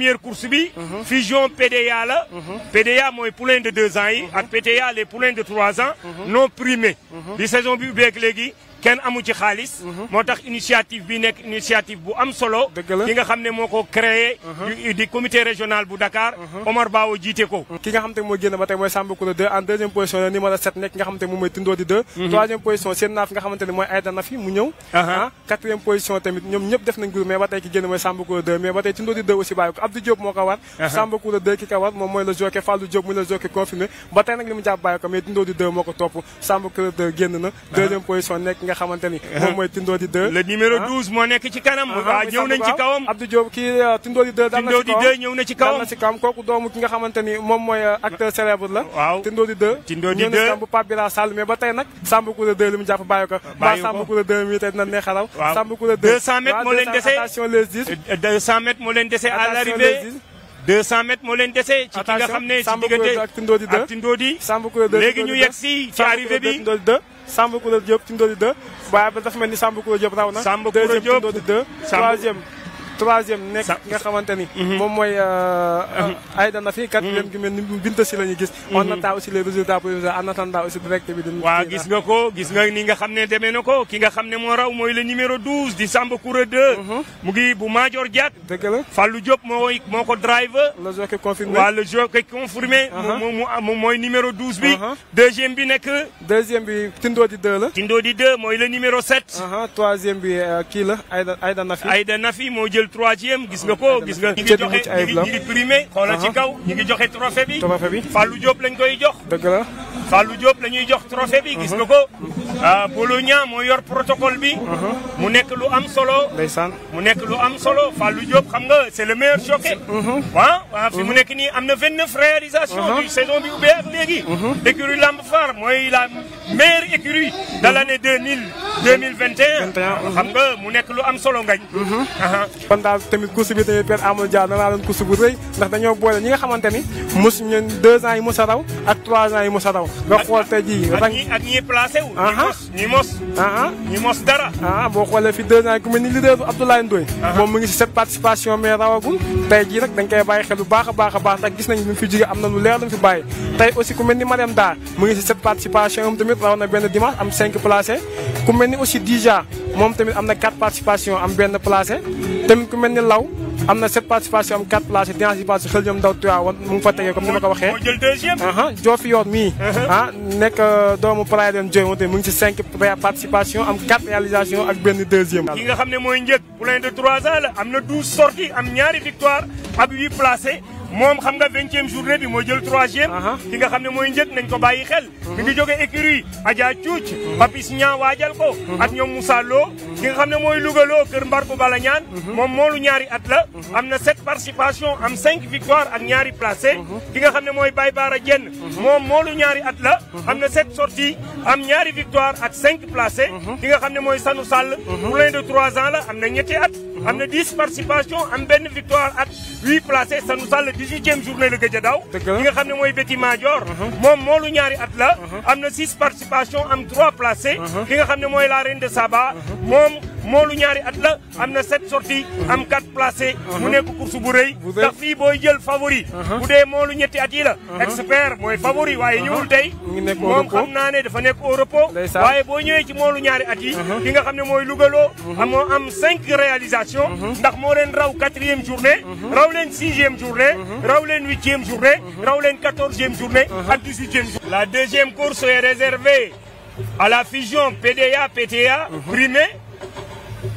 première course bi. Mhm. fusion PDA la. Mhm. mooy poulain de deux ans yi. Mhm. ak PTA les poulains de trois ans. non primés. bi saison bi ubbeek léegi. kenn amu ci xaalis. Mhm. moo tax initiative bi nekk initiative bu am solo. ki nga xam ne moo ko créé. Mhm. di comité régional bu Dakar. Mhm. Omar Bawo jiite ko. ki nga xam ne mooy génn ba tey mooy Sambacounda 2 en deuxième position position seen naaf nga xamante ne mooy Aïda Nafi mu ñëw. ah position tamit ñoom ñëpp def nañ groupe mais ba tey ki génn mooy Sambacounda 2 mais ba tey Tindoo di 2 aussi bàyyi ko Abdou Diop moo ko war. Sambacounda 2 ki ko war moom mooy la jockey Fallou Diop muy la jockey confirmé ba tey nga xamante ni moom mooy Tindodi 2 le numéro 12 ah. moo nekk ci kanam waaw ah, ah, ñëw nañ ci kawam Abdou Diop kii euh, Tindodi 2 dal na ci kawam ñëw na ci kawam dal doomu ki nga xamante moom mooy euh, acteur célèbre la waaw Tindodi 2 Tindodi mu jàpp bàyyi ba Samba Koura mi tey dina neexalaw Samba Koura 2 200 mètres moo leen dese attention les 10 200 euh, mètres moo leen dese à l'arrivée 200 mètres moo leen dese. ci ki Samba Koura Diop ci Ndodi 2 waaye ba dafa mel ni Samba Koura Diop raw na. Samba Koura Diop deuxième ci Ndodi troisième nekk nga xamante ni mhm. moom mooy euh, mhm. Aïda Nafi quatrième mhm. gi mel ni Binta si la ñu gis on attend aussi les résultats provisoires en attendant aussi direct bi gis nga ko gis nga ni nga xam ne demee na ko ki nga xam ne moo raw mooy le numéro 12 di Samba Koura 2 mu ngi bu Madior Diat dëgg la Fallou moo moo ko driver le jockey confirmé waaw le jockey confirmé mooy numéro 12 bi deuxième bi nekk deuxième bi Tindo di 2 la Tindo di 2 mooy le numéro 7 troisième bi euh, kii la Aïda Aïda Nafi Aïda Nafi moo jël troisième gis nga ko ah, gis nga. Ah, ñu ah, ngi joxe ñu ngi primé. xoolal ci kaw ñu ngi joxe trophée bi. trophée bi lañ koy jox. dëgg la. Fallou Diop la ñuy jox trophée bi. gis nga ko mhm. ah, Bologna moo yor protocole bi. Mhm. mu nekk lu am solo. ndeysaan mu nekk lu am solo Fallou Diop xam nga se est le meilleur choqué. Mhm. Ah, ah fi mu nekk nii am na 29 réalisations. du saison bi ubbee ak léegi. écurie Lamb Faar mooy la meilleure écurie de l' année 2000 2021. xam nga mu nekk lu am solo ngañ. kon daal tamit course bi tamit Père Amadou Dia danaa doon course bu rëy ndax dañoo boole ñi nga xamante ni mos ñun 2 ans yi mos a raw ak 3 ans yi mos a raw. nga xool tey ji ak ñi ak ñi placé wu. Ah, ñi mos ah. ah, ñi mos. dara. boo xoolee fi deux ans ku mel ni leader bu Abdoulaye moom mu ngi si sept participation mais rawagul. tey jii rek dañ koy bàyyi xel bu baax a baax a baax ndax gis nañ lu fi jóge am na lu leer lu fi bàyyi. tey aussi ku mel ni Mariam Dar mu ngi si sept participation am tamit raw na benn dimanche am cinq placé ku mel ni aussi Dija moom tamit am na quatre participation am benn placé tamit ku mel ni Law. am na sept participation am quatre places dinaa si passé xel ñoom ndaw mu ngi fa tegee comme ni ma ko waxee. moo mii. Uh-huh. ah nekk euh, doomu Praia dem Dioy moom mu ngi si cinq participation am quatre réalisation ak benn deuxième. ki nga xam ne mooy njëkk poulain de trois ans la am na douze sorties am ñaari victoire ak huit placés. moom xam nga vingtième journée bi mooy jël troisième ki nga xam ne mooy njëkk nañ ko bàyyi xel mi ngi jóge écurie Adja Cuuc Papis Ñaa waajal ko ak ñoom Moussa Lo ki nga xam ne mooy Lougaloo kër Mbarku Bala ñaan moom moolu ñaari at la am na sept participation am cinq victoire ak ñaari placé ki nga xam ne mooy Baye Baara Jenn moom moolu ñaari at la am na sept sorties am ñaari victoire ak cinq placé ki nga xam ne mooy Sanu Sall poulain de trois ans la am na ñet at am na dix participation am benn victoire ak huit placé 18e journée la gëj xam ne mooy Betty Madior moom moolu ñaari at la uh-huh. am na six participations am trois placés li uh-huh. nga xam ne mooy la reine de Saba moom moolu ñaari at la am na sept sorties am quatre placés mu nekk course bu ndax fii booy jël favori uh-huh. bu dee moolu ñetti at yi la uh-huh. expert mooy favori waaye uh-huh. ñëwul tey moom xam naa ne dafa nekk au waaye boo ñëwee ci moolu ñaari at yi ki nga xam ne mooy lugaloo amoo am cinq réalisations ndax moo leen raw quatrième journée raw leen sixième journée raw leen huitième journée raw leen quatorzième journée ak dix-huitième journée la deuxième course est réservée à la fusion PDA-PTA primée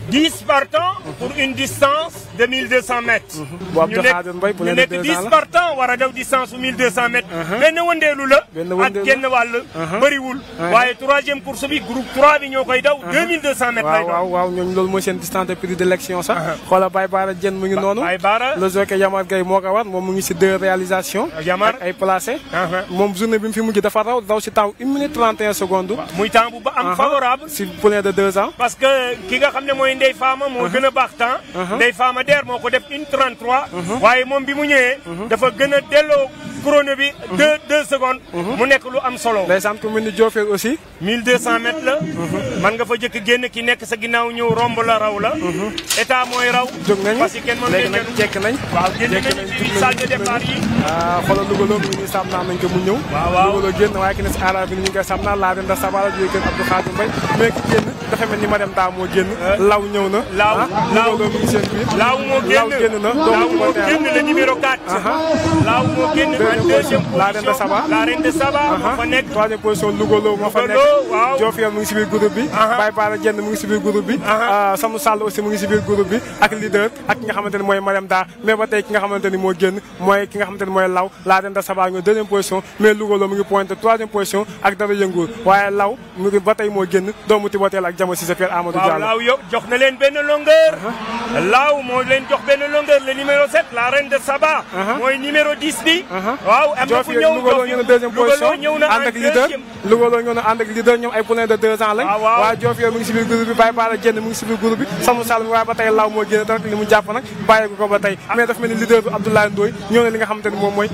10 partants pour une distance de 1200 mètres. Mhm. ñu nekk ñu nekk 10 par temps war a daw distance su 1200 mètres. Mhm. benn wëndeelu la. ak genn wàll. Mhm. bëriwul. waaye troisième course bi groupe 3 bi ñoo koy daw. mètres waaw waaw ñooñu loolu mooy seen distance de prix de sax. xoolal Baye Baara Dieng mu ngi noonu. Baye Baara le jockey Yamar Gueye moo ko moom mu ngi si deux réalisations. Yamar ay placé. moom journée bi mu fi mujj dafa raw daw si temps 1 minute 31 secondes. muy a Ader moo ko def une 33. Mhm. waaye moom bi mu ñëwee. Mhm. dafa gën a delloo chrono bi. Mhm. deux deux secondes. mu nekk lu am solo. ndeysaan ku mel ni Diofène aussi. 1200 mètres la. man nga fa jëkk génn ki nekk sa ginnaaw ñëw romb la la. état mooy raw. jóg nañu parce que kenn mën ngeen jël jekk nañ. waaw génn nañu ah, ko mu ñëw. waaw waaw Louga génn waaye ki ne si aaraab bi ñu ngi ni Mariam Daa moo génn. Euh, law ñëw na. laaw ah, Law moo génn Law moo génn Law moo génn en deuxième de Saba. la reine de moo fa nekk. troisième mu ngi si biir bi. Baye Bara Dieng mu ngi si biir bi. Ah, Samou Sall aussi mu ngi si biir groupe bi ak leader ak ki nga xamante ni mooy Mariam Da mais ba tey ki nga xamante ni moo génn mooy ki nga xamante ni mooy Law la reine de Saba ñoo deuxième position mais Louga Lo mu ngi pointe troisième position ak dara yëngu waaye Law mu ngi ba tey moo génn doomu Tiboteel ak Jamo si sa Père Amadou Diallo. waaw Law yow leen benn moo la reine de Saba. Uh-huh. mooy numéro 10 bi. Uh-huh. am na fu ñëw Diof ñëw na ànd ak leader. na ànd ak ñoom ay poulain de deux ans lañ. Ah, waaye Diof yooyu mu ngi si biir groupe bi Baye Bara génn mu ngi si biir groupe bi. Samou Sall mi waaye ba tey law moo génn te rek li mu jàpp nag bàyyeeku ko ba tey mais daf mel ni leader bi Abdoulaye Ndoye ñëw na li nga xamante ni moom mooy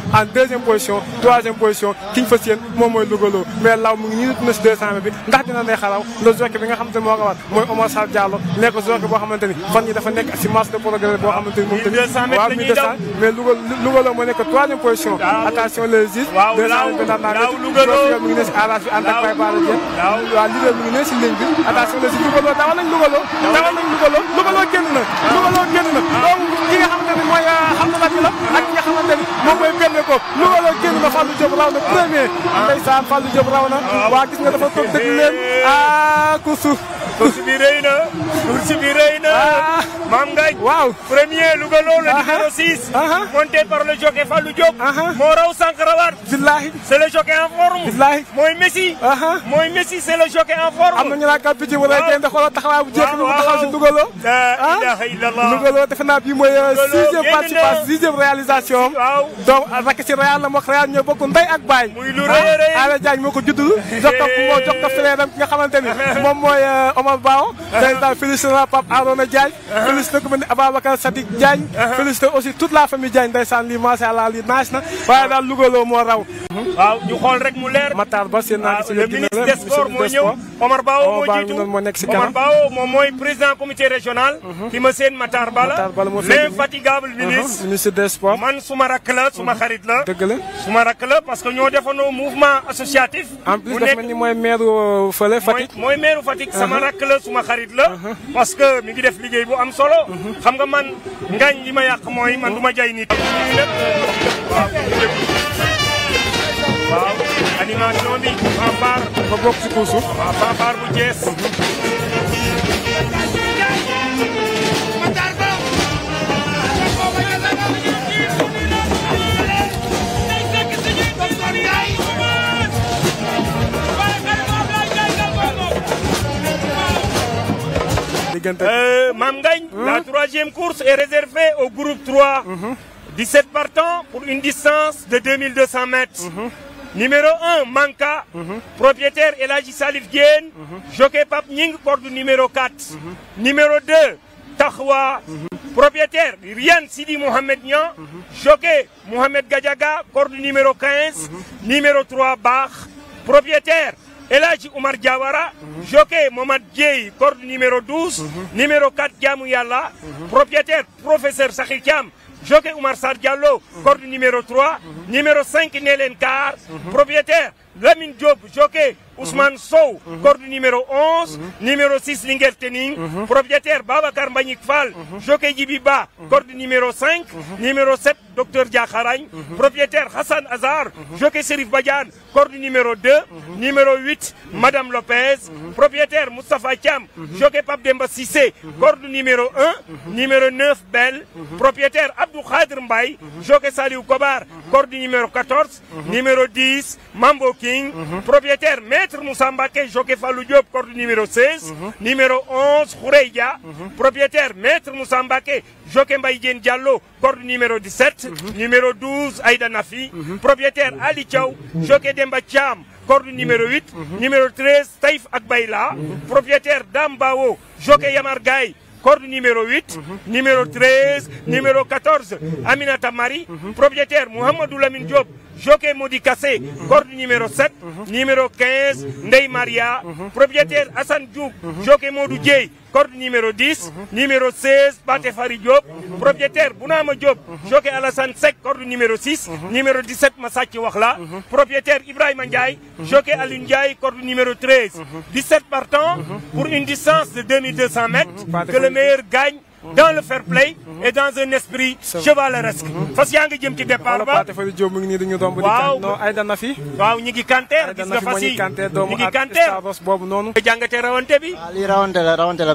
position troisième position ki ñu fas yéen moom mooy law mu ngi nii na si 200 si progrès boo xamante a moom tamit waaw 1200 mais Louga Louga la moo nekk troisième position attention les gis deux cent si arrage bi ànd ak Baye Bara Dieng nañ Louga loo dawal na Louga loo na donc ki nga xamante ni mooy euh, na la a ak ki moom mooy benn ko Louga loo génn na Fallou Diop raw na premier ndeysaan Fallou Diop raw na waa gis nga dafa toog déglu leen eh. ah ku suuf course bi rëy na. course bi rëy na. Ah. maam Ngañ. waaw premier Louga loolu la ah, numéro 6. Ah. monté par le jockey Fallou Diop. moo raw sànq rawaat. billahi c' est le jockey en forme. billahi mooy Messi. mooy Messi c' est le jockey en forme. am na ñu naan kàmpi ji wala kenn de xoolal taxawaay bu jékki bi mu taxaw si Louga loo. ah Louga loo defe naa bii mooy. Euh, sixième participation sixième réalisation. waaw donc rakk si Real la moog Real ñoo bokk ndey ak baay. muy lu rëy a rëy ah Alé Diagne moo ko judd. jox ko moo jox ko frère am ki nga xamante ni moom mooy euh, Omar Bao. président uh-huh. félicité Pape Arona Diagne. Uh-huh. félicité ku mel ni Ababacar Sadik Diagne. Uh-huh. félicité aussi toute la famille Diagne ndeysaan lii macha allah lii naaj na waaye daal Louga moo raw. waaw ñu xool rek mu leer. Matar Ba seen naa si le ministre ñëw Omar Ba moo jiitu moo nekk si kanam moom mooy président comité régional. ki mhm. ma seen Matar Ba la l'infatigable mhm. ministre. ministre des sports man suma rakk la suma mhm. xarit la. dëgg la suma rakk la parce que ñoo defandoo mouvement associatif. mel ni mooy maire mooy maire Fatick sama rakk la suma xarit la. parce que mi ngi def liggéey bu am solo. xam nga man ngañ li ma yàq mooy man du ma jay nit. waaw animation bi Pampar ba bokk si kaw suuf waaw Pampar bu Thiès mhm. Euh, Mamgagne, mmh. la troisième course est réservée au groupe 3. Mmh. 17 partants pour une distance de mètres. Mhm. Numéro un Manka, mm -hmm. propriétaire Elagi Salif Guen, mm -hmm. Ning, corde numéro 4. Numéro 2, Tahwa, propriétaire Rian Sidi Mohamed Nian, jockey Mohamed Gadjaga, corde numéro 15. Numéro 3, Bach, propriétaire Elagi Omar Diawara, jockey Mohamed Dieye, corde numéro 12. Numéro 4, Gamou Yalla, propriétaire professeur Sakhir Kiam, jockey Oumar Sarr Diallo corde numéro 3 numéro 5 Nélen Kaar mhm. propriétaire Lamine Diop jockey Ousmane Sow corde numéro 11 numéro 6 Linguère Tening propriétaire Babacar Mbagnick Fall jockey Djibi Ba corde numéro 5 numéro 7 docteur Diakharagne propriétaire Hassan Azar jockey Serif Badiane corde numéro 2 numéro 8 Madame Lopez propriétaire Moustapha Thiam jockey Pape Demba Cissé corde numéro 1 numéro 9 Belle propriétaire Abdou Khadir Mbaye jockey Saliou Kobar corde numéro 14 numéro Mambo King propriétaire Maître Maître Moussa Mbaké Joké Fallou Diop corde numéro 16. Mhm. numéro 11 Khourey Dia. Mhm. propriétaire Maître Moussa Mbaké Joké Mbaye Diène Diallo corde numéro mhm. numéro 12 Aïda Nafi. propriétaire Ali Thiaw Joké Demba Thiam corde numéro 8. numéro 13 Taïf ak propriétaire Dame Bawo Joké Yamar numéro 8, numéro 13, numéro 14, Aminata Marie, propriétaire Mohamedou Lamine Diop, Jockey Mody Kassé corde numéro 7 numéro 15 Ndey Maria propriétaire Assane Diouf Jockey Modou Dieye corde numéro 10 numéro 16 Paté Fari Diop propriétaire Bounama Diop Jockey Alassane Seck corde numéro 6 numéro 17 Massatchi Wakhla propriétaire Ibrahima Ndiaye Jockey Alioune Ndiaye corde numéro 13 17 partants pour une distance de 2200 mètres que le meilleur gagne dans le fair play mhm. et dans un esprit chevaleresque mhm. fas yaa ngi jëm ci départ ba waaw waaw ñi ngi kanteer gis nga fas yi ñi ngi kanteer boobu noonu nga jàngatee rawante bi uh-huh.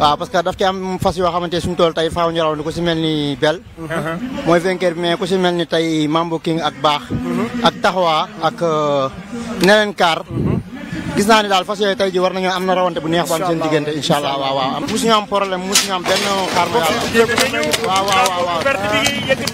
waaw parce que daf ci am fas yoo xamante suñu tool tey faaw ñu rawante ku si mel ni bel uh-huh. mooy vainqueur bi mais ku si mel ni tey Mambo King ak baax uh-huh. ak taxawaa ak euh, neleen kaar gis naa ni daal fas yooyu tey ji war nañoo am na rawante bu neex bu am seen diggante incha allah waaw waaw mosu am problème am benn xaar ma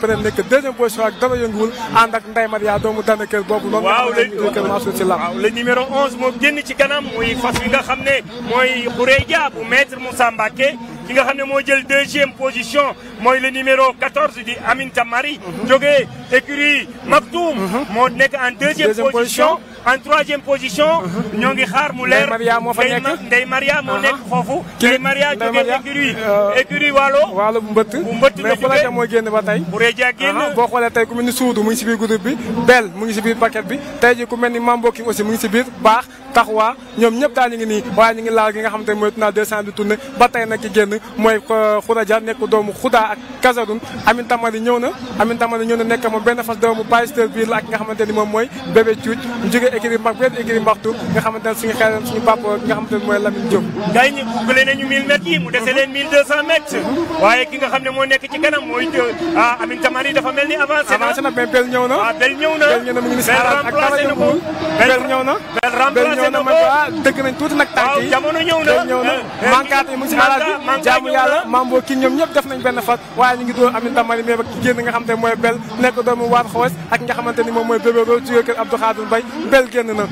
peut-être nekk deuxième position ak dara yënguwul ànd ak Ndeye Maria doomu dana kër boobu noonu waaw le numéro 11 moom génn ci kanam muy fas wi nga xam ne mooy Khoureja bu maître Moussa Mbacké ki nga xam ne moo jël deuxième position mooy le numéro 14 di Aminta Mari mhm. jógee écurie Maktoum mhm. moo nekk en deuxième position en troisième position. Uh-huh. ñoo ngi xaar mu leer Ndey Maria moo uh-huh. nekk foofu. Ndey Maria jógee écurie uh, écurie Waalo. Waalo bu mbëtt bu mbëtt mooy génn ba tey. Uh-huh. boo xoolee tey ku mel ni Suudu mu ngi si biir groupe bi. Bel mu ngi si biir paquet bi tey ji ku mel ni Mamboki aussi mu ngi si biir baax taxawaa ñoom ñëpp daal ñu ngi nii waaye ñu ngi laal gi nga xam mooy tunaa ba tey nag ki génn mooy uh, Khourédia nekk doomu Khouda ak Kazaroun Amin Tamari ñëw na Amin Tamari ñëw moom benn écurie mag benn écurie mbaxtu nga xamante ne suñu xel suñu mooy nekk ci kanam mooy ah Bel ñëw na waaw ah, Bel ñëw na ñëw na man ah yi jamono ñëw na eh, yi mu ngi si alaaj bi jaamu ñoom ñëpp def nañ benn fat waaye ñu ngi doon Amin Tamari mais ki génn nga xam ne mooy Bel nekk doomu waat xoos ak nga xamante ni moom mooy bébé Sénégal génn na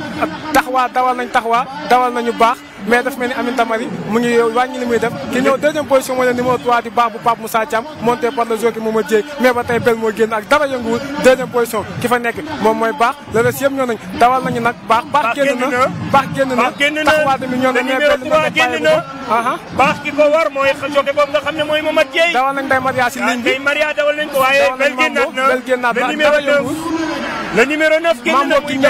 taxawaa dawal nañ taxawaa dawal nañu baax mais daf mel ni Aminata Mari mu ngi wàññi li muy def ki ñëw deuxième position mooy le numéro 3 di baax bu Pape Moussa Thiam monté par le jockey Mouma Dieye mais moom mooy baax le reste ñoo nañ dawal nañu nag baax baax génn na baax génn tamit ñoo nañ mais bel moo na aha dawal nañ day Maria si ah, ligne day Maria dawal nañ ko waaye bel génnaat na bel dara yënguwul le numéro na muy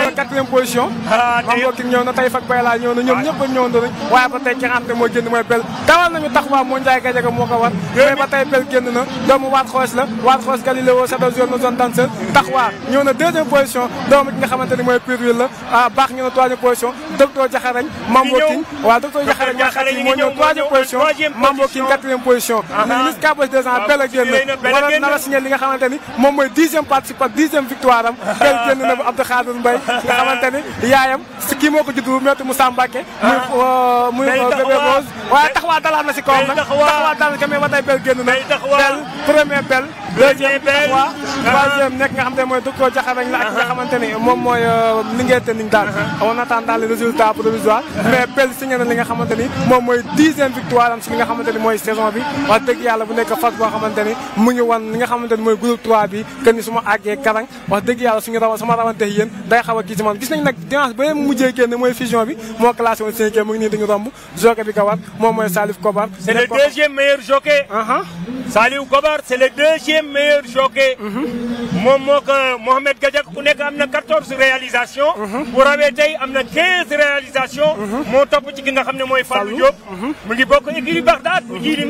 ah, fak Bayla ñëw na ñoom ah. ñëpp ba ñëw waaye ba tey ki nga mooy génn mooy bel dawal nañu taxawaay moo Ndiaye Gadiaga moo war. mais ba tey bel génn na doomu Waat Xoos la Waat Xoos Galileo Sador zone na zone danseuse taxawaay ñëw na deuxième position doomu ki nga xamante ni mooy Pirwil la ah, baax ñëw na troisième position docteur Diakharañ. Mambo King waaw docteur moo ñëw troisième position Mambo nga xamante ni moom mooy dem jënd na bu Abdou Khadir Mbaye nga xamante ni yaayam si kii moo ko juddu metti Moussa Mbacke ah. muy euh, muy euh, bébé Rose waaye taxawaa dalaat na si kawam nag taxawaa dalaat na si kawam mais ba tey bel génn na bel premier bel deuxième fois nekk nga xam mooy docteur Diakhameñ la ak nga xamante moom mooy euh, Linguère daal uh-huh. on attend daal les résultats uh-huh. mais pel signé na li nga xamante moom mooy dixième victoire am si li nga xamante mooy saison bi wax dëgg yàlla bu nekk fas boo xamante mu ngi wan li nga xamante mooy groupe 3 bi que ni su karang wax dëgg yàlla suñu raw sama rawante yéen day man gis nañ nag dimanche ba mujjee mooy fusion bi meilleur jockey. moom moo ko Mohamed ku nekk am na 14 réalisations. Mhm. bu rawee tey am na 15 réalisations. Mhm. moo topp ci ki nga xam ne mooy Fallou Diop. Mhm. mu ngi bokk écurie Bagdad bu Djily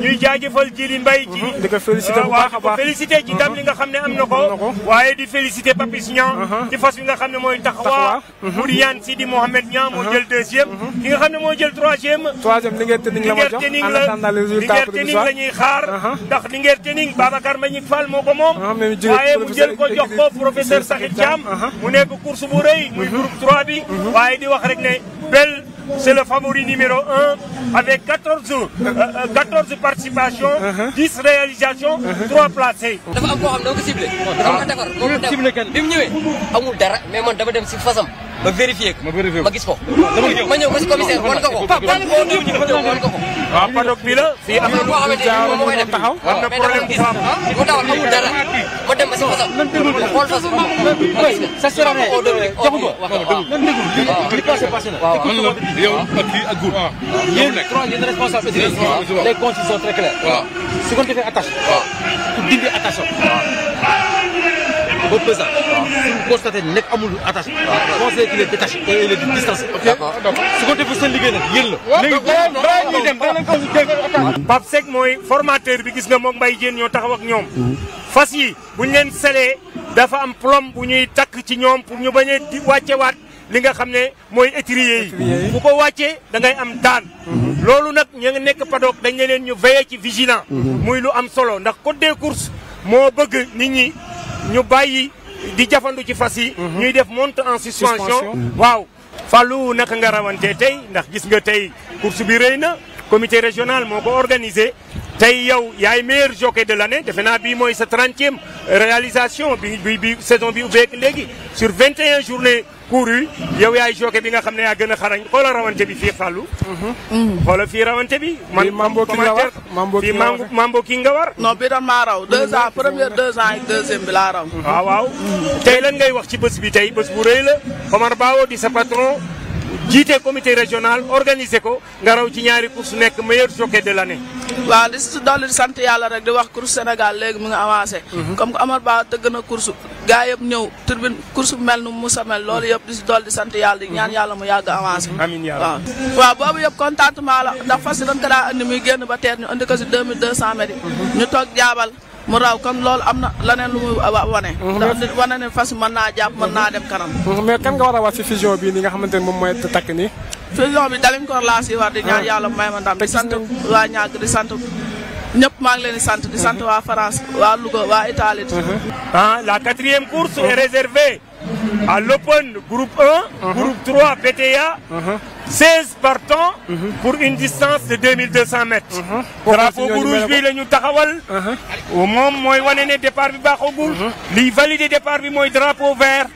ñuy jaajëfal Djily Mbaye. ci di ko bu baax a baax félicité ci li nga xam ne am na waaye di félicité Papis Niang. ci fas yi nga xam ne mooy taxawaa. Bouriane Sidi Mohamed Niang moo jël deuxième. ki nga xam ne moo jël troisième. troisième Linguère Tening la Babacar Mbagnick Fall moo ko moom ah, waaye mu jël ko jox professeur Sakhir Thiam mu nekk course bu rëy muy mhm. groupe 3 bi mhm. waaye di wax rek ne bel c'est le favori numéro un avec quatorze euh, euh, quatorze participations. dix réalisations. trois placés. dafa am koo ah. mu dara mais man dama dem si fasam. ma vérifié ko. ma vérifié ko ma gis ko. ma ñëw ma si commissaire wan ko ko. Pape wan ko ko wan ko ko. waaw paddock bi la. fii am na lu muy taxaw. am na problème bu am. mu dawal amul dara ma dem ba si fasam. xool fasam. sa sera ne joxu ko. li passé passé na. waaw man la yow ak kii ak góor. yéen trois yéen responsable les conditions sont très claires. waaw su ko defee attache. waaw pour dindi attache am. ba pesant. waaw suñu constaté amul attache. waaw ah, conseil qu'il est détaché et il est distancé. ko defee seen liggéey nag yéen la. mooy formateur bi gis nga moom mbay Diène ñoo taxaw ak ñoom. Hmm. fas yi bu ñu leen selee dafa am plomb bu ñuy takk ci ñoom pour ñu bañ a di wàccewaat li nga xam ne mooy étrier yi. bu ko wàccee da ngay am daan. Hmm. loolu nag ña nga nekk paddock dañ ne leen ñu veiller ci vigilant. Hmm. muy lu am solo ndax code des courses moo bëgg nit ñu bàyyi di jafandu ci fas yi. Mhm. ñuy def monte en suspension waaw Fallou naka nga rawante tey ndax gis nga tey course bi rëy na comité régional moo ko organisé. tey yow yaay meilleur jockey de l'année defe naa bii mooy sa trentième réalisation bi bi bi saison bi ubbeek léegi sur vingt journée cours yi yow yaay joke bi nga xam ne yaa gën a xarañ xoola rawante bi fii Fallou mm-hmm. xoola fii rawante bi man mambo ki nga war fii mambo ki nga war non bi doon maa raw mm-hmm. deux ans première deux ans ak bi laa raw mm-hmm. waaw tey lan ngay wax ci bés bi tey bés bu rëy la Omar Bawo di sa patron jiite comité régional organisé ko nga raw ci ñaari course nekk meilleur jockey de l'année. di si yàlla rek di wax course Sénégal léegi mu ngi avancé. comme que Amar Ba tëgg na course gaa yëpp ñëw turbine course bu mel nu Moussa mel loolu yëpp di dool di sant yàlla di ñaan yàlla mu yàgg avancé amiin yàlla waaw waaw boobu yëpp ndax fas yi dañ ko daa andi muy génn ba teer ñu andi ko si deux mille deux cent mètres mhm. ñu toog jaabal mu raw kon loolu am na leneen lu muy wane mhm. ndax wane ne fas mën naa jàpp mën naa dem kanam mhm. mais kan nga war a wax si fusion bi ni nga xamante moom mooy takk nii fusion bi daliñ laa si war di ñaan ah. yàlla may ñëpp maa ngi leen di sant di sant waa France waa Louga waa Italie. ah la quatrième course est réservée à l'Open groupe 1. groupe 3 PTA. 16 partants. pour une distance de 2200 mètres. drapeau bu bi la ñu taxawal. moom mooy wane ne départ bi baaxagul. liy valider départ bi mooy drapeau vert.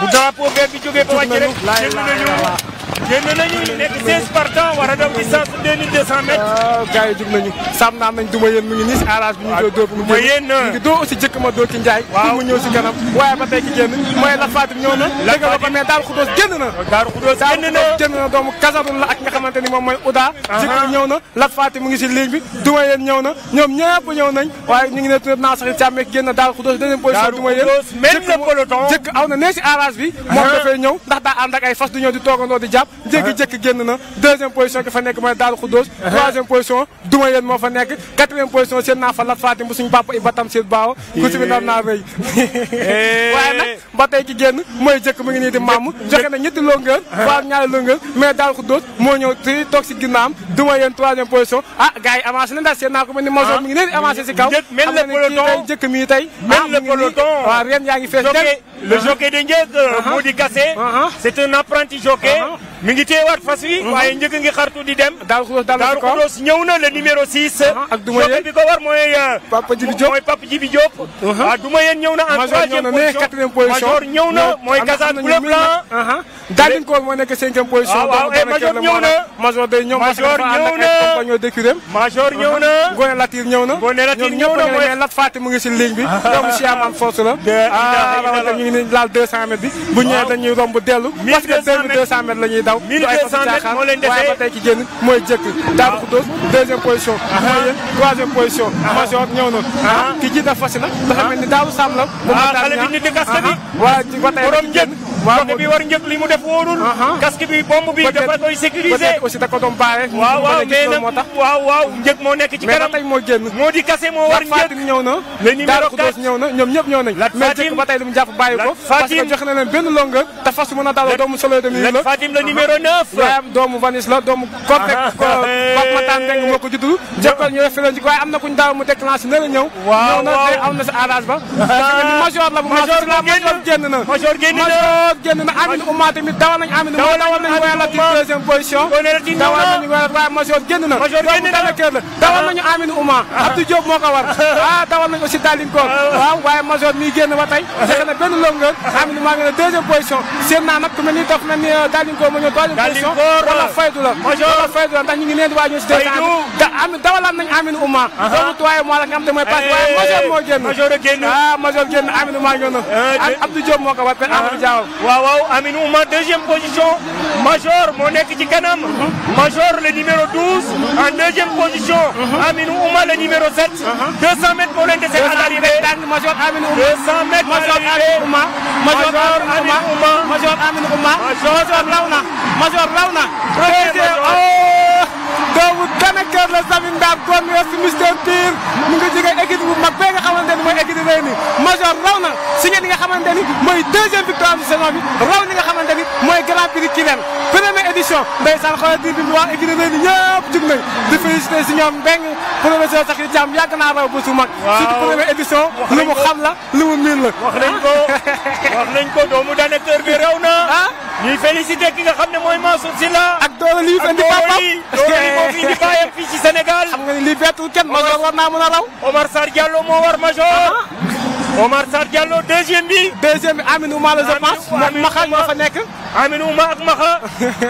bu drapeau vert bi jógee ba wàcc rek. génn nañu ah, nañu. sàmm naa nañ du ma mu ngi nii si arage bi ñu doon dóor. mu yéen mu ngi doo aussi jëkk ma doo ci njaay. waaw mu ñëw si kanam. waaye ba tey ki génn mooy la Fatim moom mooy Uda. na mu ngi si ligne bi du ma yéen ñëw na ñoom ñëpp ñëw nañ waaye ñu ngi ne tudd naa sax càmmeek génn daal Xudóos deuxième position du ma yéen jëkk aw na nee si arage bi moom dafay ñëw ndax daa ànd ak fas du ñëw di toogandoo di jàpp jàpp jékki-jékki génn na deuxième position ki fa nekk mooy Daaru Xudóos uh-huh. troisième position duma yéen moo fa nekk quatrième position seen naa fa lat fatim bu suñu papa ibatam seen baaw ku si naa rëy eh. waaye nag ba ki génn mooy jëkk mu ngi nii di maam na ñetti longueur uh-huh. waa ñaari longueur mais Daaru Xudóos moo ñëw ci toog si ginnaawam duma yéen troisième position ah gars yi avancé na ndax seen naa ko mel ni mosoon ah. ah, mu ngi nii di si kaw xam na ni kii le jockey de njëkk. Euh, uh-huh. moo di Gassé. Uh-huh. c'est un apprenti jockey. Uh-huh. mi ngi téewaat fas wi. waaye njëkk ngi xartu di dem. Daaru Xudoos Daaru ñëw na le numéro 6. ak bi ko war mooy. Euh, Papa Djibi Diop mooy Papa ñëw na en troisième position. quatrième position major ñëw na mooy Kassane bleu blanc. Dalin Kool moo nekk cinquième position. Ah, waaw waaw et major ñëw na. major day ñëw major ñëw na ñëw na. major ñëw na. Ngoné Latir ñëw na. Ngoné Latir ñëw na mooy Lat Fatim mu ngi si ligne dinañ laal 200 mètres bi. bu ñëwee dañuy romb dellu. 1200 parce que benn 200 mètres la ñuy daw. 1200 mètres moo leen defee waaye ba tey génn mooy jëkk. Daaru Xuddoos deuxième position. position. major ñëw na. ki jiite fas na. Daaru Sam la. waaw ah, xale bi ñu bi. waa ji ba bi bomb bi dafa koy sécuriser. aussi da ko doon bàyyee. waaw nag moo nekk ci kanam. moo génn. moo di kase moo war njëkk. Lat Fatim ñëw na. le numéro 4 Daaru Xuddoos ñëw na ñoom ñëpp ñëw nañ. Lat Fatim mais jëkk ba mu jàpp bàyyi ko parce que jox na leen benn longueur te fas mën a dalal doomu solo demi la Fatim la numéro 9 yaayam doomu Vanis la doomu Konte ah, ah, Pape eh. Matar Mbengue moo ko juddu jëkkal ñu fi leen waaye am na kuñ daaw mu déclenché na la ñëw ñëw na tey am na sa arrage ba major la bu ma la major génn na major génn na génn na Amine Ouma tamit dawal nañ Amine Ouma dawal nañ waaye la ci dawal nañ waaye major génn na major génn na dawal nañu Amine Ouma Abdou Diop moo ko war ah, dawal nañ aussi Dalinkoor waaw dixième nga xam ne maa position seen naa nag ku mel ni daf mel ni euh, daal position wala faydu la wala faydu la ndax ñu ngi neen di waaj si amin dawalaat nañ amin uma doomu tuwaay moo la nga xam te mooy passe waaye eh, major moo génn major a génn ah major génn amin uma ñëw na moo ko war père Amadou ah. Diaw amin uma deuxième position major moo nekk ci kanam mhm. major le numéro 12 en deuxième position mhm. amin uma le numéro 7 200 mhm. mètres amin uma 200 amin uma major amin uma major amin na major raw doomu Daneker la Lamine Ndam góor ñëw si Mister Pire mu ngi jógee équipe bu mag bee nga xamante ni mooy équipe réew mi major raw na si ñi nga xamante ni mooy deuxième bi raw li nga xamante ni mooy Grand Prix Kilène première édition ndeysaan xoolal di bi waa équipe réew jug nañ di félicité si ñoom Mbengue professeur Sakhi lu mu xam la lu mu miin la wax nañ ko bi raw na ah? ñuy félicité ki nga ne mooy Mansour Sylla ak doole lii indi papam moo fi indi baayam fii ci Sénégal. xam a raw. Omar Sarr Diallo moo war major. Ah. Omar Sarr Diallo deuxième bi. deuxième bi Aminou Ouma la je pense. Aminou Maxa nekk. Aminou Ouma ak Maxa.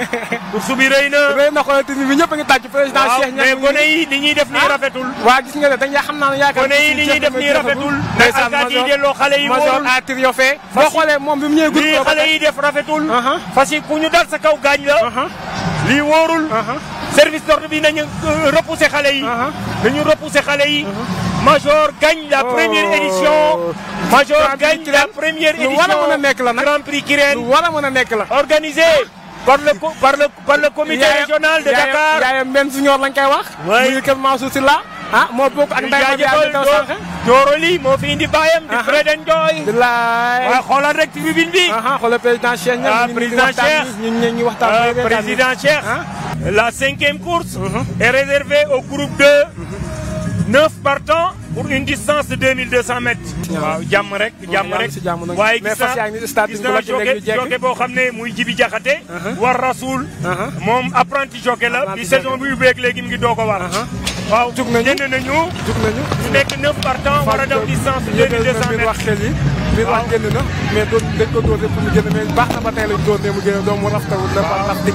course bi rëy na. rëy na xoolal tribune bi ñëpp a ngi tàcc président Cheikh. mais gone yi li ñuy def nii ah? rafetul. waa gis nga ne dañ xam naa ne yaakaar gone yi li ñuy def nii rafetul. ndeysaan major a triomphé. boo xoolee moom bi mu ñëwee guddi lii xale yi def rafetul. Uh-huh. fas yi ku ñu dal sa kaw gaañ la. Uh-huh. lii wóorul. Uh-huh. service d'ordre bi nañu euh, repousser xale yi. Uh-huh. nañu repousser xale yi. Uh-huh. Major gagne la oh. première édition. Major gagne la première édition. lu war a mën a nekk la nag Grand Prix Kirène. lu war a mën a nekk la. organisé par le par le par le comité régional de Dakar. yaayam yaayam benn si ñor lañ koy wax. oui muy kër Mansour ah moo bokk ak mbay ma lii moo fi di ah, ah. Fred Ndoye bilaay waaw xoolal rek tribune bi ah, xoolal président Cheikh ñun président Cheikh ñun ñi waxtaan président Cheikh la cinquième course uh-huh. est réservée au groupe de neuf partants pour une distance de 2200 mètres. waaw jàmm rek waaye gis naa gis naa boo xam ne muy jibi jaxate uh-huh. war rasul uh-huh. moom apprenti joge la bi saison bi ubbeeg léegi mu ngi doog a war waaw jug nañu jënd ñu nekk 9 partants war a def distance. 2200 wax xel yi. waaw wax jënd na mais doon dañ ko doon rek pour mu jënd mais baax ba tey lañ doon ne mu jënd na. waaw ndax dig.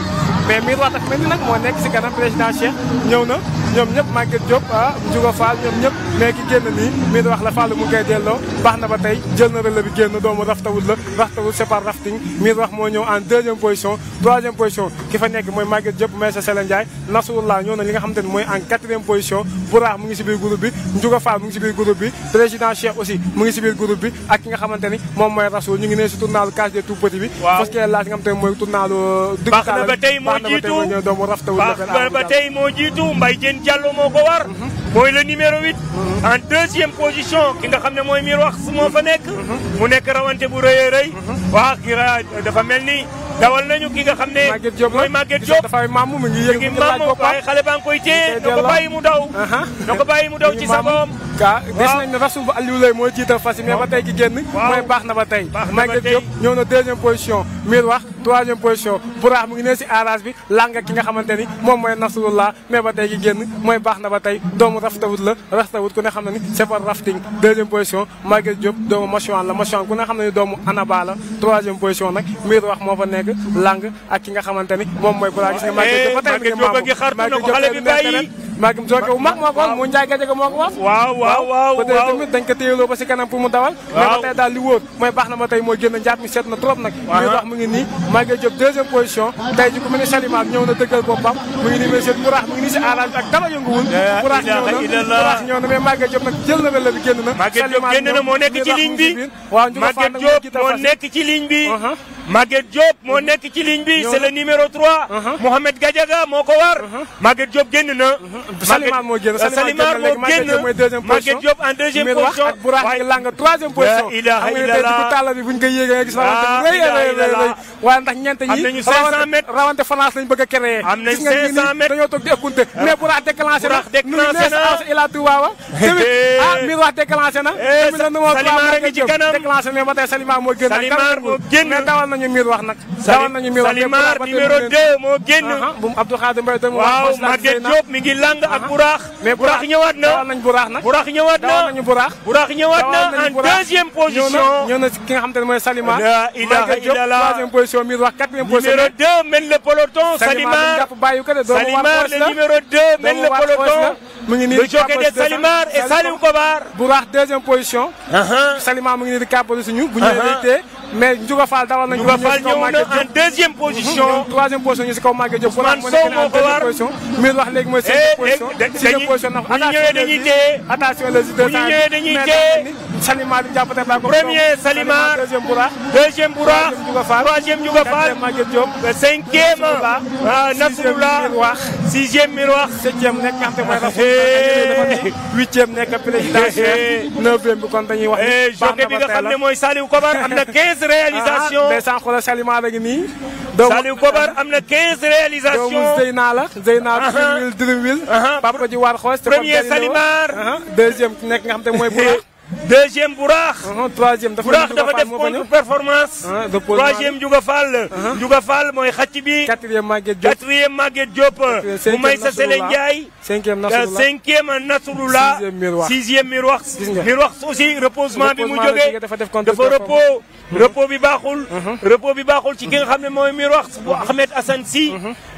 mais miroir dafa mel ni nag moo nekk si kanam président Cheikh ñëw na ñoom ñëpp Maguette Diop ah Ndiouga ñoom ñëpp mais ki génn nii miroir la Fall mu ngi koy baax na ba tey jël na relais bi génn doomu raftawul la raftawul c'est par rafting miroir moo ñëw en deuxième position troisième position ki fa nekk mooy Maguette Diop Maïssa Sele Ndiaye Nasrullah ñëw na li nga xamante mooy en quatrième position Bourah mu mu ngi si biir bi président Cheikh mu ngi si moo jiitu ba tey moo jiitu Mbaye Diène Diallo moo ko war mm-hmm. mooy le numéro 8 mm-hmm. en position ki nga xam ne mooy miir wax moo fa nekk mm-hmm. mu nekk rawante bu rëy a rëy waa kii dafa mel ni dawal nañu ki nga xam ne mooy Maguette Diop dafay maamu mu ngi yëngu ngi maamu waaye xale baa ngi koy téye na ko bàyyi mu daw uh-huh. na ko bàyyi mu daw ci sa boom waaw gis bu Aliou Lay moo jiital fas yi mais ba tey ki génn mooy baax na ba tey Maguette Diop ñëw na deuxième position miir wax troisième position buraax mu ngi nee si arage bi langa ki nga xamante ni moom mooy nasrullah mais ba tey gi génn mooy baax na ba tey doomu raftawut la raftawut ku ne xam na ni c'est pour rafting deuxième position Maguette Diop doomu Machuan la Machuan ku ne xam ne ni doomu Anaba la troisième position nag miir wax moo fa nekk lang ak ki nga xamante ni moom mooy buraax gis nga Maguette Diop ba tey mi ngi maamu Maguette Diop Maguim Sokone bu mag moo ko woon mu Ndiaye Gadiaga moo ko woon waaw waaw waaw peut-être tamit dañ ko téyeloo ba si kanam pour mu dawal mais ba tey daal li wóor mooy baax na ma tey mooy génn njaat mi seet na trop nag ñuy wax mu ngi nii Maguim Diop deuxième position tey ji ku mel ni Salimane ñëw na dëggal boppam mu ngi nii mais seen kuraax mu ngi nii si aarage ak dara yënguwul kuraax ñëw na kuraax ñëw na mais Maguim Diop nag jël na wella bi génn na Maguim Diop génn na moo nekk ci ligne bi waaw Maguim Diop moo nekk ci ligne bi Maguette Diop moo nekk ci ligne bi c'est le numéro 3. Uh-huh. Mohamed Gadiaga moo ko war. Uh-huh. Maguette Diop génn na. Uh-huh. Salimar moo génn Salimar moo génn Maguette Diop en deuxième position. ak Bouraq Lang troisième waaye ndax ñeent ñi. rawante France lañ bëgg a créer. am nañ 500 mètres dañoo toog di ëppante. mais Bouraq déclenché na. Bouraq déclenché na ila Touba wa. Ah, mi wax déclenché na. a na ba tey Salimar moo génn. Salimar moo génn nañu miir wax nag. dawal nañu Salimar numéro 2 moo génn. bu mu Abdou Khadim Mbaye dem waaw Maguette Diop mi ngi lang ak Buraax. mais Buraax ñëwaat na dawal nañu Buraax nag. Buraax ñëwaat na dawal nañu Buraax. Buraax ñëwaat na en deuxième position. ñëw na ki nga xam te ne mooy Salimar. la ilaha illallah troisième wax le numéro 2 mène le peloton. mu ngi nii le jockey de Salimar et Salim Kobar. Bouraax deuxième position. Uh-huh. Salimar mu ngi nii di capable suñu. bu ñu évité uh-huh. mais Ndiouga Fall dawal nañu. Ndiouga Fall ñëw na en deuxième position. troisième position ñu si kaw Maguette moo ko war mi wax léegi mooy. cinquième eh, eh, position sixième position. attention bu ñu ñëwee dañuy téye attention les deux bu ñu ñëwee dañuy téye Salima di jàppante la ko. premier Salima deuxième Boura. deuxième Boura troisième Juga Fall quatrième Diop. cinquième euh, euh, Nasrullah wax nekk nga xam te mooy huitième nekk président neuvième bi kon dañuy wax. jokkoo bi nga xam ne mooy Saliou Kobar am na quinze réalisations. Ah, mais sànq la Salima la ngi nii. doomu Saliou Kobar am na quinze réalisations doomu Zeyna la uh-huh. uh-huh. xoos. premier Salimar uh-huh. nekk nga xam te mooy Boura. deuxième Buraax. Ah, ah, troisième dafa Buraax dafa def contre performance. Ah, troisième Juga Fall. Juga Fall mooy xàcc bi. quatrième Maguette Diop quatrième Maguette Diop. mu may sa Sele Ndiaye. cinquième a euh, cinquième Nasrullah. sixième Mirwax sixième Mirwax. Mirwax aussi reposement bi mu jógee. dafa def contre repos. Mm-hmm. repos bi baaxul. Mm-hmm. Mm-hmm. repos bi baaxul ci ki nga xam ne mooy Mirwax bu Ahmed Assane Sy.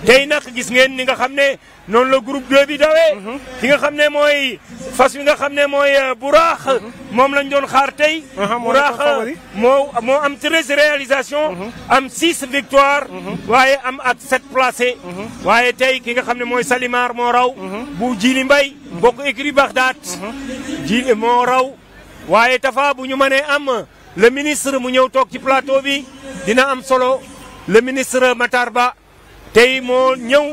tey nag gis ngeen ni xam ne. noonu la groupe 2 bi dawee. Mhm. ki nga xam ne mooy fas yi nga xam ne mooy euh, buraax. Mhm. moom lañ doon xaar tey. Mhm, buraax moo moo am treize réalisation am six victoire. waaye am ak sept placé. waaye tey ki nga xam ne mooy Salimar moo raw. bu Jili Mbay bokk écurie Bagdad. Jili moo raw. waaye tafa bu ñu mënee am le ministre mu ñëw toog ci plateau bi dina am solo le ministre Matar Ba tey moo ñëw.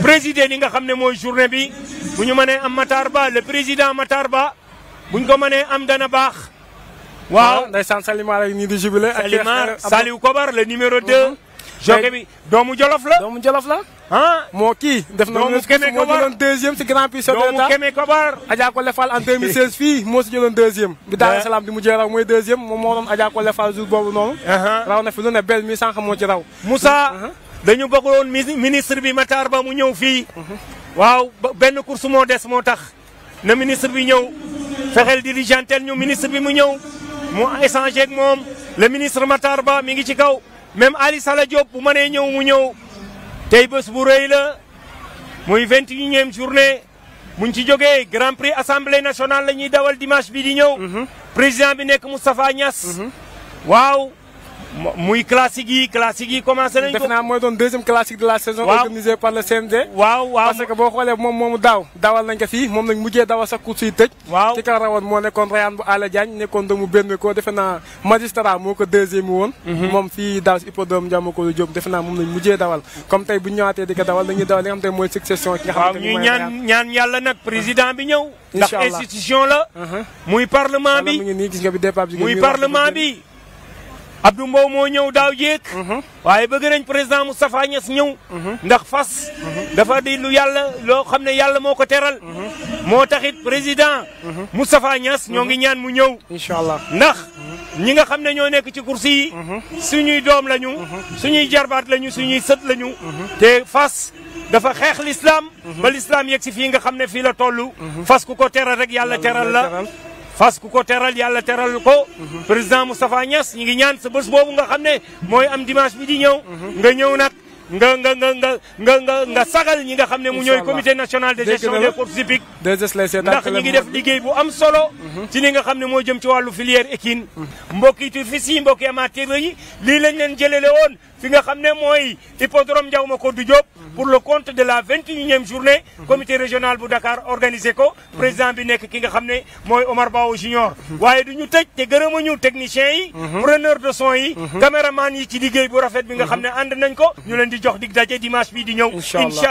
président yi nga xam ne mooy journée bi bu ñu mënee am Matar Ba le président Matar Ba bu ñu ko mënee am dana baax. waaw ndeysaan Salima lay nii di jubilé. Salima Saliou Kobar le numéro 2. Mhm. joge bi doomu Jolof la doomu Jolof la. ah moo kii def na moo jëloon deuxième si grand prix chef de l'État doomu Keme Kobar. Adja Kole Fall en moo si jëloon deuxième. bi Daara Salaam di mu jël mooy deuxième moom moo doon Adja Kole Fall jour boobu noonu. Uh-huh. raw na fi lu ne bel sànq moo ci raw. Moussa. Uh-huh. dañu bëggoon ministre bi Matar Ba mu ñëw fii. waaw benn course moo des moo tax na ministre bi ñëw fexeel dirigeantel ñu ministre bi mu ñëw mu échangé moom le ministre Matar Ba mi ngi ci kaw même Ali Sala Diop bu mënee ñëw mu ñëw tey bés bu rëy la muy vingt et unième journée buñ ci jógee grand prix assemblée nationale la ñuy dawal dimanche bi di ñëw. Mhm. président bi nekk Moustapha Niass. Mhm. waaw. muy classique yi classique yi commencé nañ ko. def naa mooy doon deuxième classique de la saison. waaw organisée par la CNG. waaw waaw parce que boo xoolee moom moomu daaw dawal nañ ko fii moom lañ mujjee dawal sax course yi tëj. waaw ka rawoon moo nekkoon Rayane bu Ala Diagne nekkoon doomu benn ko defe naa moo ko deuxième woon. Mhm. moom fii daaw si hippodrome Ndiamo Koulou Diop defe naa moom lañ mujjee dawal comme tey bu ñu ñëwaatee di ko dawal dañuy dawal li xam te mooy succession. bi ñëw. incha allah ndax institution Abdou Mbow moo ñëw daaw jéeg. Mhm. waaye bëgg nañ président Moustapha ñas ñëw. Mhm. ndax fas. Mhm. dafa di lu yàlla loo xam ne yàlla moo ko teral. moo taxit président. Moustapha Niass ñoo ngi ñaan mu ñëw. incha allah ndax. ñi nga xam ne ñoo nekk ci kursi yi. suñuy doom lañu. suñuy jarbaat lañu suñuy sët lañu. te fas. dafa xeex lislaam ba lislaam yegg si fii nga xam ne fii la toll. fas ku ko teral rek yàlla teral la. fas ku ko teral yàlla teral ko. Mhm. président Moustapha Niass ñu ngi ñaan sa bés boobu nga xam ne mooy am dimanche bi di ñëw. Mhm. nga ñëw nag nga nga nga nga nga nga nga mhm. sagal ñi nga xam ne mu ñooy comité national de gestion des courses hippiques. ndax ñi ngi def liggéey bu am solo. ci li nga xam ne moo jëm ci wàllu filière équine. mbokki tu fis yi mbokki amateur yi lii lañ leen jëlele woon. fi nga xam ne mooy hippodrome ko Macodou Diop mhm. pour le compte de la vingt et unième journée mhm. comité régional bu Dakar organisé ko mhm. président bi nekk ki nga xam ne mooy Omar Bao Junior waaye du ñu tëj te gërëm a gërëmañu technicien yi preneur de son yi caméraman yi ci liggéey bu rafet bi nga xam ne ànd nañ ko ñu leen di jox dig daje dimanche bi di ñëw